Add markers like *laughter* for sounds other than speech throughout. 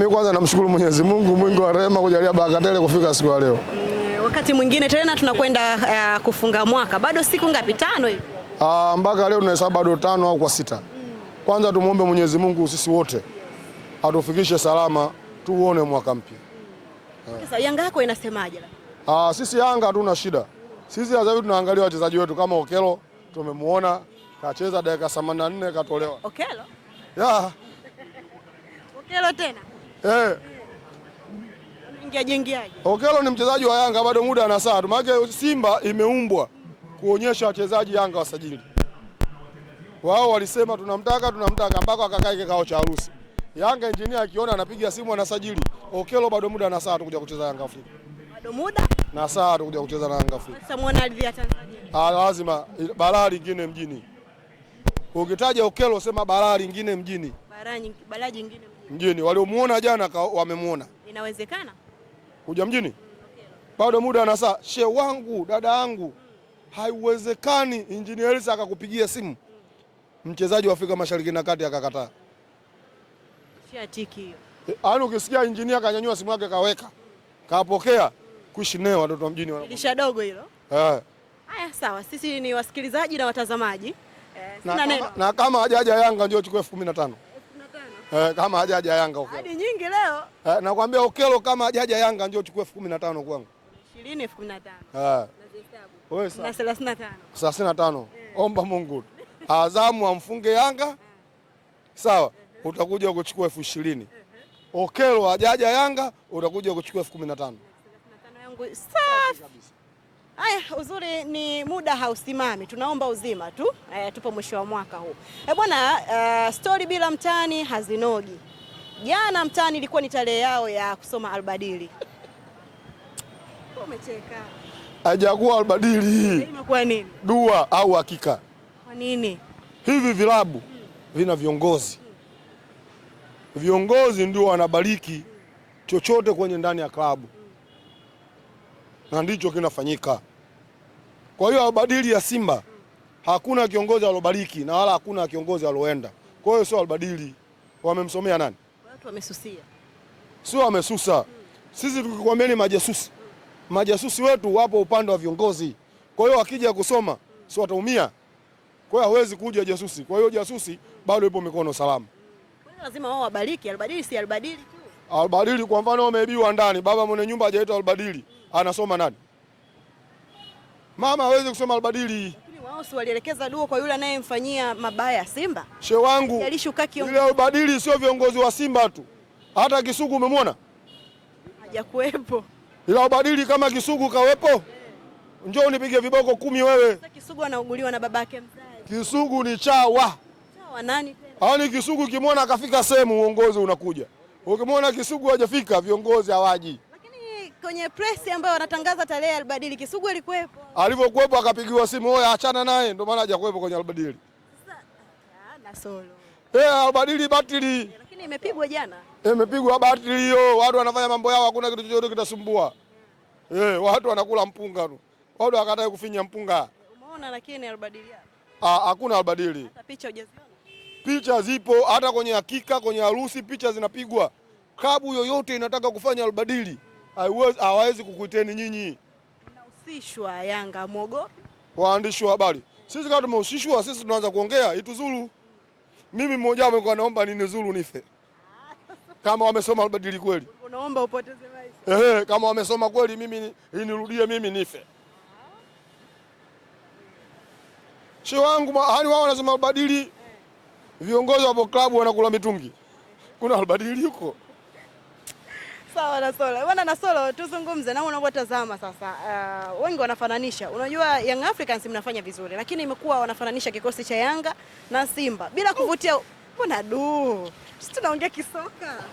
mimi kwanza namshukuru Mwenyezi Mungu mwingi wa rehema kujalia baraka tele kufika siku ya leo. Eh, wakati mwingine tena tunakwenda uh, kufunga mwaka bado siku ngapi? Tano hivi uh, mpaka leo tunahesabu bado tano au kwa sita. Kwanza tumwombe Mwenyezi Mungu sisi wote atufikishe salama, tuone mwaka mpya. Sasa Yanga yako inasemaje? Ah, sisi Yanga hatuna shida. Sisi sasa hivi tunaangalia wachezaji wetu kama Okelo tumemuona kacheza dakika 84 katolewa. Okelo? Yeah. Okelo tena? Eh. Okelo ni mchezaji wa Yanga bado muda ana saa. Maana Simba imeumbwa kuonyesha wachezaji Yanga wasajili. Wao walisema tunamtaka, tunamtaka mpaka akakae kikao cha harusi. Yanga engineer akiona anapiga simu anasajili. Okelo bado muda ana saa tukuja kucheza Yanga Afrika. Bado muda? Na saa tukuja kucheza na Yanga Afrika. Sasa muone ardhi ya Tanzania. Ah, lazima balaa lingine mjini. Ukitaja Okelo sema balaa lingine mjini. Balaa nyingine, balaa nyingine mjini, waliomuona jana wamemwona. Inawezekana kuja mjini bado muda na saa. She wangu dada yangu, haiwezekani Injinia Elsa akakupigia simu mchezaji wa Afrika Mashariki na Kati akakataa. Eh, yaani ukisikia injinia kanyanyua simu yake kaweka kapokea, kushine watoto wa mjini dirisha dogo hilo. Eh. Haya, sawa, sisi ni wasikilizaji na watazamaji eh, na, na kama hajaja Yanga ndio chukua elfu kumi na tano. Eh, kama hajaja Yanga Okelo. Hadi nyingi leo. Eh, nakwambia Okelo kama hajaja Yanga ndio chukue elfu kumi na tano kwangu. 20 elfu kumi na tano. Eh. Wewe sasa. Na 35. 35. Eh. Omba Mungu. *laughs* Azamu amfunge Yanga. Eh. Sawa. Uh eh. -huh. Utakuja kuchukua elfu ishirini. Okelo hajaja Yanga utakuja kuchukua elfu kumi na tano. Safi aya uzuri ni muda hausimami, tunaomba uzima tu. E, tupo mwisho wa mwaka huu e bwana. Uh, stori bila mtani hazinogi. Jana mtani ilikuwa ni tarehe yao ya kusoma albadili. Umecheka hajakuwa albadili Imekuwa nini? Dua au hakika? Kwa nini hivi vilabu hmm, vina viongozi hmm, viongozi ndio wanabariki hmm, chochote kwenye ndani ya klabu hmm, na ndicho kinafanyika. Kwa hiyo albadili ya Simba hakuna kiongozi alobariki na wala hakuna kiongozi aloenda. Kwa hiyo sio albadili, wamemsomea nani? Watu wamesusia, sio wamesusa. Sisi tukikwambia ni majasusi, majasusi wetu wapo upande wa viongozi. Kwa hiyo wakija kusoma, sio wataumia? Kwa hiyo hawezi kuja jasusi. Kwa hiyo jasusi bado ipo mikono salama. Lazima wao wabariki, albadili si albadili tu. Albadili kwa mfano wameibiwa ndani, baba mwenye nyumba hajaitwa albadili, anasoma nani? mama hawezi kusema albadili. Wao si walielekeza duo kwa yule anayemfanyia mabaya Simba. She wangu yule albadili sio viongozi wa Simba tu, hata Kisugu umemwona hajakuwepo, ila albadili kama Kisugu kawepo. yeah. Njoo unipige viboko kumi wewe. Kisugu anauguliwa na babake mzazi. Kisugu ni chawa. Chawa nani tena? Yaani Kisugu kimwona akafika sehemu uongozi unakuja. Ukimwona Kisugu hajafika viongozi hawaji kwenye press ambayo wanatangaza tarehe Albadili, Kisugu alikuwepo. Alivyokuwepo akapigiwa simu, oya, achana naye, ndio maana hajakuwepo kwenye Albadili. Ah, eh, Albadili batili, lakini imepigwa jana, eh, imepigwa batili hiyo. Watu wanafanya mambo yao, hakuna kitu chochote kitasumbua. Eh, watu wanakula mpunga tu, watu hawakatai kufinya mpunga. Umeona, lakini Albadili ah, hakuna Albadili. Hata picha hujaziona? Picha zipo, hata kwenye hakika, kwenye harusi picha zinapigwa. Klabu yoyote inataka kufanya Albadili hawawezi kukuiteni nyinyi. Mnahusishwa Yanga mogo, waandishi wa habari. Sisi kama tumehusishwa, sisi tunaanza kuongea ituzuru. Mimi mmoja wao naomba nini zuru nife kama wamesoma badili kweli, unaomba upoteze maisha Ehe, kama wamesoma kweli, mimi inirudie mimi nife shi wangu hani wao wanasema albadili, eh. viongozi wa klabu wanakula mitungi, kuna albadili huko. Sawa na Solo. Bwana na Solo, tuzungumze na unavyotazama sasa. Uh, wengi wanafananisha. Unajua Young Africans mnafanya vizuri, lakini imekuwa wanafananisha kikosi cha Yanga na Simba bila kuvutia. Mbona du? Sisi tunaongea kisoka.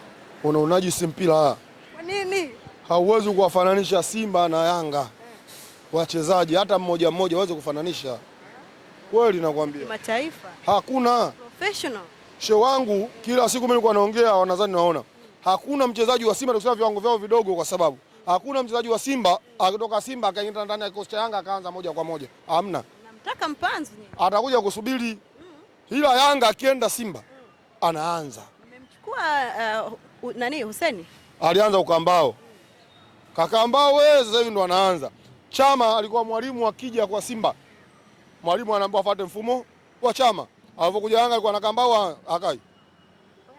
Unaonaje si mpira? Kwa nini? Hauwezi kuwafananisha Simba na Yanga. Eh. Wachezaji hata mmoja mmoja waweze kufananisha. Kweli nakwambia. Mataifa. Hakuna. Professional. She wangu kila siku mimi nilikuwa naongea wanadhani naona hakuna mchezaji wa Simba atakusema viwango vyao vidogo, kwa sababu hakuna mchezaji wa Simba akitoka Simba akaingia ndani ya kikosi cha Yanga akaanza moja kwa moja, hamna. Namtaka mpanzu nini, atakuja kusubiri, ila Yanga akienda Simba anaanza. Nimemchukua uh, nani Huseni alianza ukambao kakambao, wewe sasa hivi ndo anaanza. Chama alikuwa mwalimu, akija kwa Simba mwalimu anaambiwa afuate mfumo wa Chama, Alipokuja Yanga alikuwa na kambao akai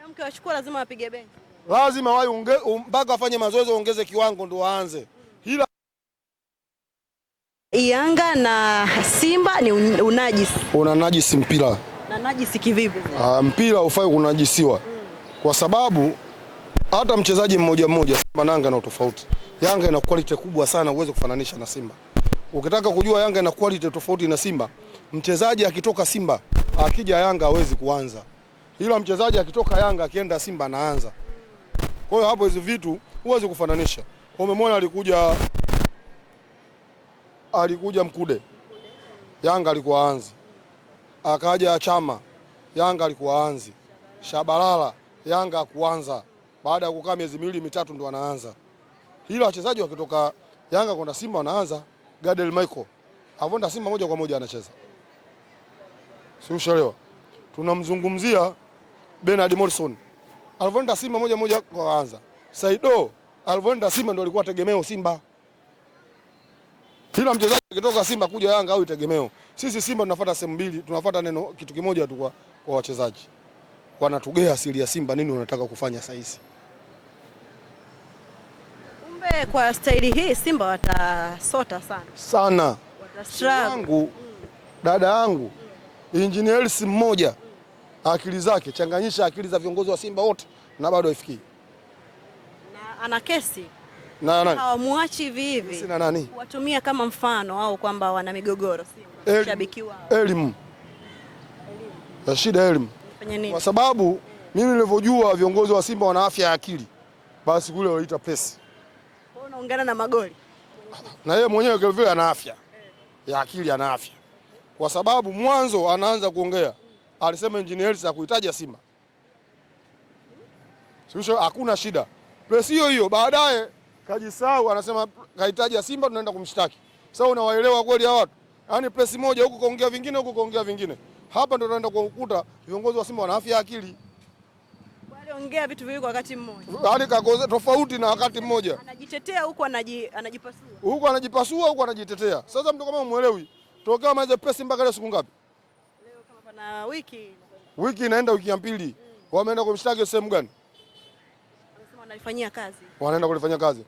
mke wa shukuru lazima apige benchi lazima wao um, mpaka wafanye mazoezi, waongeze kiwango ndio waanze. Ila Yanga na Simba ni unajisi, una najisi mpira na najisi kivipi? Ah, mpira ufai kunajisiwa kwa sababu hata mchezaji mmoja mmoja Simba na Yanga na tofauti. Yanga ina quality kubwa sana, uweze kufananisha na Simba. Ukitaka kujua Yanga ina quality tofauti na Simba, mchezaji akitoka Simba akija Yanga hawezi kuanza, ila mchezaji akitoka Yanga akienda Simba anaanza. Kwa hiyo hapo hizo vitu huwezi kufananisha. Umemwona alikuja alikuja Mkude, Yanga alikuwa anzi, akaja Chama, Yanga alikuwa anzi, Shabalala, Yanga akuanza, baada ya kukaa miezi miwili mitatu ndo anaanza. Hilo wachezaji wakitoka Yanga kwenda Simba wanaanza. Gadel Michael avonda Simba moja kwa moja anacheza, si ushelewa. Tunamzungumzia Bernard Morrison alivyoenda Simba moja moja kwa kwanza Saido alivyoenda Simba ndio alikuwa tegemeo Simba. Kila mchezaji akitoka Simba kuja Yanga au itegemeo Sisi Simba tunafuata sehemu mbili, tunafuata neno kitu kimoja tu kwa, kwa wachezaji. Wanatugea asili ya Simba nini wanataka kufanya sasa Kumbe kwa staili hii Simba watasota sana. Sana. Watastruggle. Dada yangu, mm. Engineer mmoja akili zake, changanyisha akili za viongozi wa Simba wote na bado haifikii. Na ana kesi na nani? Hawamwachi hivi hivi. Sina nani? Watumia kama mfano au kwamba wana migogoro Simba, shabiki wao. Elimu. Elimu. Shida elimu. Kwa sababu mimi nilivyojua viongozi wa Simba wana afya ya akili, basi kule waliita pesi. Kwa unaungana na magoli. Na yeye mwenyewe kwa vile ana afya eh. ya akili, ana afya kwa sababu mwanzo anaanza kuongea alisema engineer za kuitaja Simba. Sio hakuna shida. Press hiyo hiyo baadaye kajisahau anasema kahitaji Simba tunaenda kumshtaki. Sasa unawaelewa kweli hao watu? Yaani press moja huko kaongea vingine huko kaongea vingine. Hapa ndo tunaenda kwa viongozi wa Simba wana afya akili. Waliongea vitu viwili kwa wakati mmoja. Yaani kakoza tofauti na wakati mmoja. Anajitetea huko anaji, anajipasua. Huko anajipasua huko anajitetea. Sasa mtu kama umuelewi, tokea maanze press mpaka leo siku ngapi? na wiki wiki inaenda wiki ya pili mm. Wameenda kumshtaki sehemu gani? Wanasema wanalifanyia kazi, wanaenda kulifanyia kazi.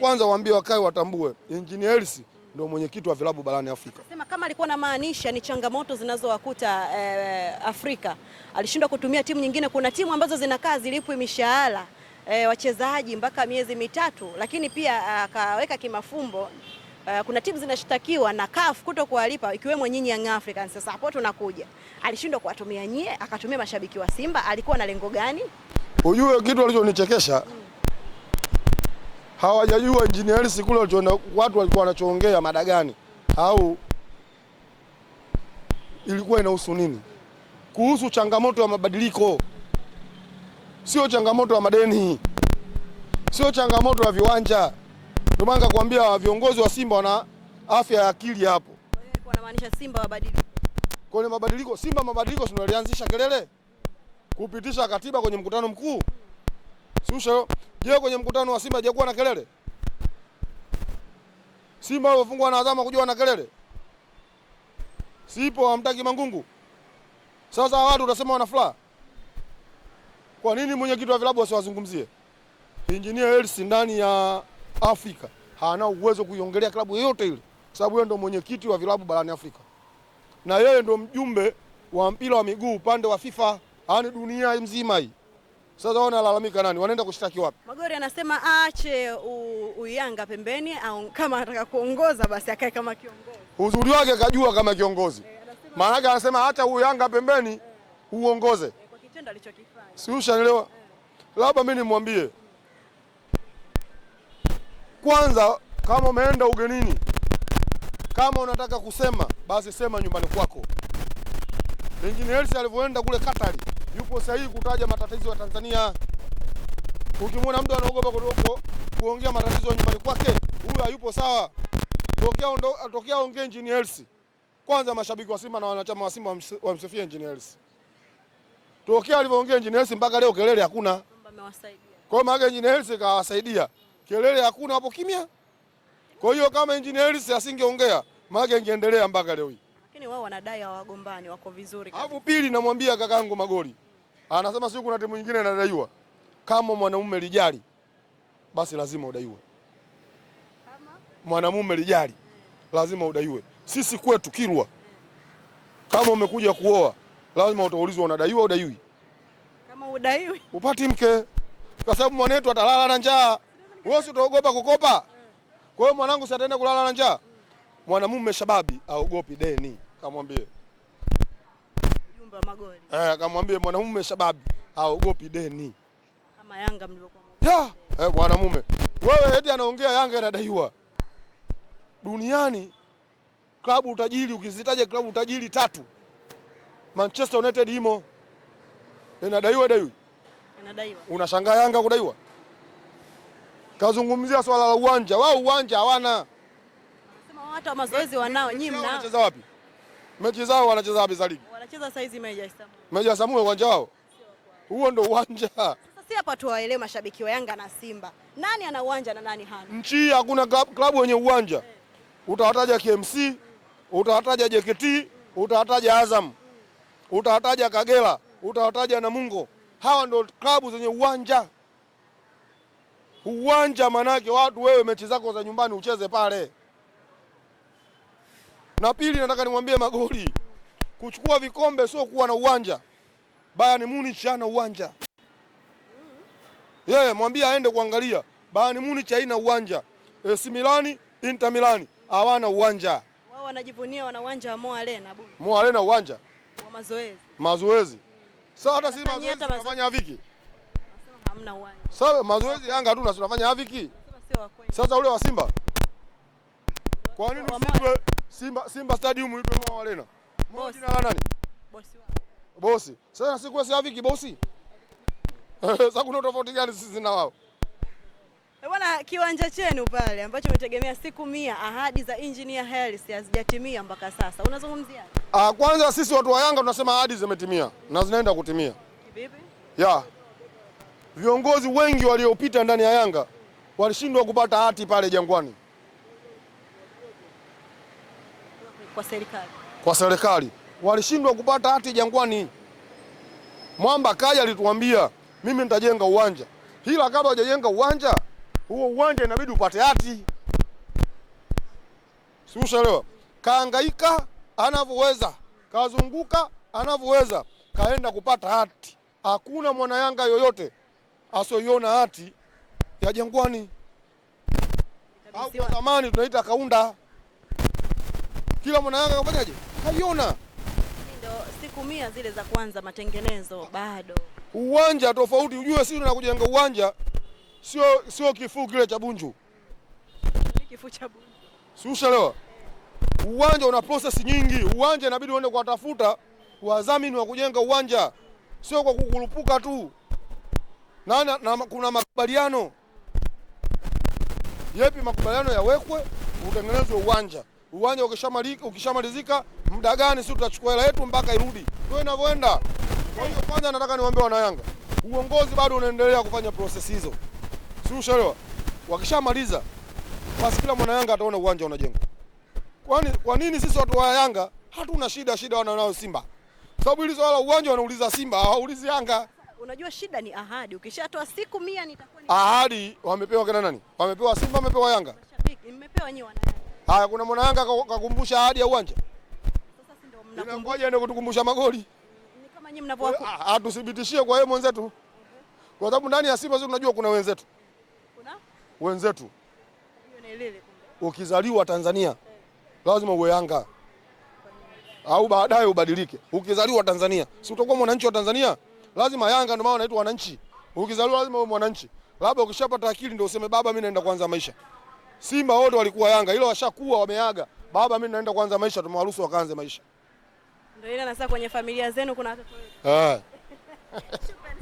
Kwanza waambie wakae, watambue Engineer Hersi ndio mwenyekiti wa vilabu barani Afrika. Sema kama alikuwa na maanisha ni changamoto zinazowakuta eh, Afrika, alishindwa kutumia timu nyingine. Kuna timu ambazo zinakaa zilipwe mishahara eh, wachezaji mpaka miezi mitatu, lakini pia eh, akaweka kimafumbo Uh, kuna timu zinashtakiwa na CAF kuto kuwalipa ikiwemo nyinyi Young Africans. Sasa hapo tunakuja, alishindwa kuwatumia nyie, akatumia mashabiki wa Simba. Alikuwa na lengo gani? Ujue kitu alichonichekesha Hawajajua engineer sikule watu walikuwa wanachoongea mada gani au ilikuwa inahusu nini, kuhusu changamoto ya mabadiliko, sio changamoto ya madeni, sio changamoto ya viwanja ndio maana nikakwambia viongozi wa Simba wana afya ya akili hapo. Kwa Wanamaanisha Simba wabadilike. Kwa mabadiliko? Simba mabadiliko si walianzisha kelele kupitisha katiba kwenye mkutano mkuu. Susha, je, kwenye mkutano wa Simba hajakuwa na kelele? Simba wafungwa na Azam kujua na kelele. Sipo hamtaki Mangungu. Sasa watu utasema wana furaha. Kwa nini mwenyekiti wa vilabu wasiwazungumzie? Injinia Elsi ndani ya Afrika hana uwezo kuiongelea klabu yoyote ile, sababu yeye ndo mwenyekiti wa vilabu barani Afrika na yeye ndo mjumbe wa mpira wa miguu upande wa FIFA, yaani dunia mzima hii. Sasa wanalalamika nani? Wanaenda kushtaki wapi? Magori anasema aache uyanga pembeni, au kama anataka kuongoza basi akae kama kiongozi. Uzuri wake kajua kama kiongozi e, maana yake anasema hata uyanga pembeni e, uongoze e, kwa kitendo alichokifanya. Si ushanielewa? E. Labda mimi nimwambie kwanza, kama umeenda ugenini, kama unataka kusema basi sema nyumbani kwako. Injinia Hersi alivyoenda kule Katari, yupo sahihi kutaja matatizo ya Tanzania. Ukimwona mtu anaogopa kuliko kuongea matatizo ya nyumbani kwake, huyo hayupo sawa. Tokea ongea Injinia Hersi kwanza, mashabiki wa Simba na wanachama wa Simba wamsifia Injinia Hersi. Tokea alivyoongea Injinia Hersi mpaka leo kelele hakuna. Kwa maana Injinia Hersi kawasaidia kelele hakuna, hapo kimya. Kwa hiyo kama Engineer Hersi asingeongea maana ingeendelea mpaka leo hii, lakini wao wanadai hawagombani, wako vizuri kabisa. Alafu pili, namwambia kakaangu Magoli anasema siku kuna timu nyingine inadaiwa. Kama mwanamume lijali, basi lazima udaiwe. Kama mwanamume lijali, lazima udaiwe. Sisi kwetu Kilwa, kama umekuja kuoa, lazima utaulizwa unadaiwa udaiwi. Kama udaiwi, upati mke, kwa sababu mwanetu atalala na njaa. Wewe utaogopa kukopa? Kwa hiyo mwanangu si ataenda kulala na njaa. Mwanamume shababi aogopi deni, kamwambie Jumba Magori. Eh, kamwambie mwanamume shababi aogopi deni. Kama Yanga mlivyokuwa. Ya, eh mwanamume. Wewe eti anaongea Yanga inadaiwa. Duniani klabu utajiri ukizitaja klabu utajiri tatu. Manchester United imo. Inadaiwa dai Inadaiwa. Unashangaa Yanga kudaiwa? kazungumzia swala la uwanja, wao uwanja hawana. Watu wa mazoezi wanao, nyinyi mnao. Wanacheza wapi? Mechi zao wanacheza wapi za ligi? Wanacheza sasa hizi Meja Isamu. Meja Isamu uwanja wao. Huo ndio uwanja. Sasa si hapa tuwaelewe mashabiki wa Yanga na Simba. Nani ana uwanja na nani hana? Nchi hakuna klabu yenye uwanja. Hey. Utawataja KMC, hmm. Utawataja JKT, hmm. Utawataja Azam. Hmm. Utawataja Kagera, hmm. Utawataja Namungo. Hawa ndio klabu zenye uwanja uwanja, manake watu wewe mechi zako za nyumbani ucheze pale. Na pili, nataka nimwambie Magoli, kuchukua vikombe sio kuwa na uwanja. Bayern Munich hana uwanja yeye, yeah, mwambie aende kuangalia. Bayern Munich haina uwanja, AC Milan, Inter Milan hawana uwanja wao, wanajivunia wana uwanja wa Mo Arena. Mo Arena uwanja wa mazoezi, mazoezi. Sasa hata si mazoezi tunafanya viki hamna uwanja. Sawa, mazoezi Yanga tu tunafanya haviki. Sasa ule wa Simba. Kwa nini usiwe Simba Simba Stadium ipe mwa Arena? Mmoja na nani? Bosi wao. Bosi. Sasa sisi kwa si haviki bosi. *laughs* Sasa kuna tofauti gani sisi na wao? Eh, Bwana, kiwanja chenu pale ambacho umetegemea siku mia, ahadi za engineer Hersi hazijatimia mpaka sasa, unazungumzia? Ah, kwanza sisi watu wa Yanga tunasema ahadi zimetimia na zinaenda kutimia. Vipi? Yeah viongozi wengi waliopita ndani ya Yanga walishindwa kupata hati pale Jangwani kwa serikali, kwa serikali walishindwa kupata hati Jangwani. Mwamba kaja alituambia, mimi nitajenga uwanja, ila kabla hajajenga uwanja huo uwanja inabidi upate hati, si ushaelewa? Kaangaika anavyoweza, kazunguka anavyoweza, kaenda kupata hati. Hakuna mwanayanga yoyote asioiona hati ya Jangwani au kwa zamani tunaita Kaunda. Kila mwana Yanga kafanyaje? Kaiona siku mia zile za kwanza matengenezo bado uwanja tofauti. Ujue sisi kujenga uwanja, sio sio kifuu kile cha Bunju, kifuu cha Bunju, si Uwanja una process nyingi. Uwanja inabidi uende kuwatafuta wadhamini wa kujenga uwanja, sio kwa kukurupuka tu na, na, na kuna makubaliano yepi? Makubaliano yawekwe, utengenezwe uwanja. Uwanja ukishamalika ukishamalizika muda gani? Sisi tutachukua hela yetu mpaka irudi, ndio inavyoenda. Kwa hiyo kwanza, nataka niwaambie wanayanga, uongozi bado unaendelea kufanya process hizo, si ushelewa? Wakishamaliza basi kila mwana Yanga ataona uwanja unajengwa. Kwani kwa nini sisi watu wa Yanga hatuna shida? Shida wanayo Simba, sababu hili swala uwanja wanauliza Simba, hawaulizi Yanga. Unajua shida ni ahadi, ukishatoa siku 100 nitakuwa ni ahadi. Wamepewa kina nani? Wamepewa Simba, wamepewa Yanga, mashabiki mmepewa nyinyi wana Yanga. Haya, kuna mwana Yanga kakumbusha ahadi ya uwanja, sasa si ndio mnakumbusha? Ngoja ndio kutukumbusha magoli, ni kama nyinyi mnavyokuwa. Atuthibitishie ah, ah, kwa yeye mwenzetu, kwa sababu ndani ya Simba sisi tunajua kuna wenzetu, kuna wenzetu. Ukizaliwa Tanzania lazima uwe Yanga au baadaye ubadilike. Ukizaliwa Tanzania si utakuwa mwananchi wa Tanzania? lazima Yanga, ndio maana unaitwa wananchi. Ukizaliwa lazima uwe mwananchi, labda ukishapata akili ndio useme baba, mimi naenda kuanza maisha. Simba wote walikuwa Yanga, ila washakuwa wameaga, baba, mimi naenda kuanza maisha, tumewaruhusu wakaanze maisha. Ndio ile na kwenye familia zenu kuna watoto eh. wengi. *laughs*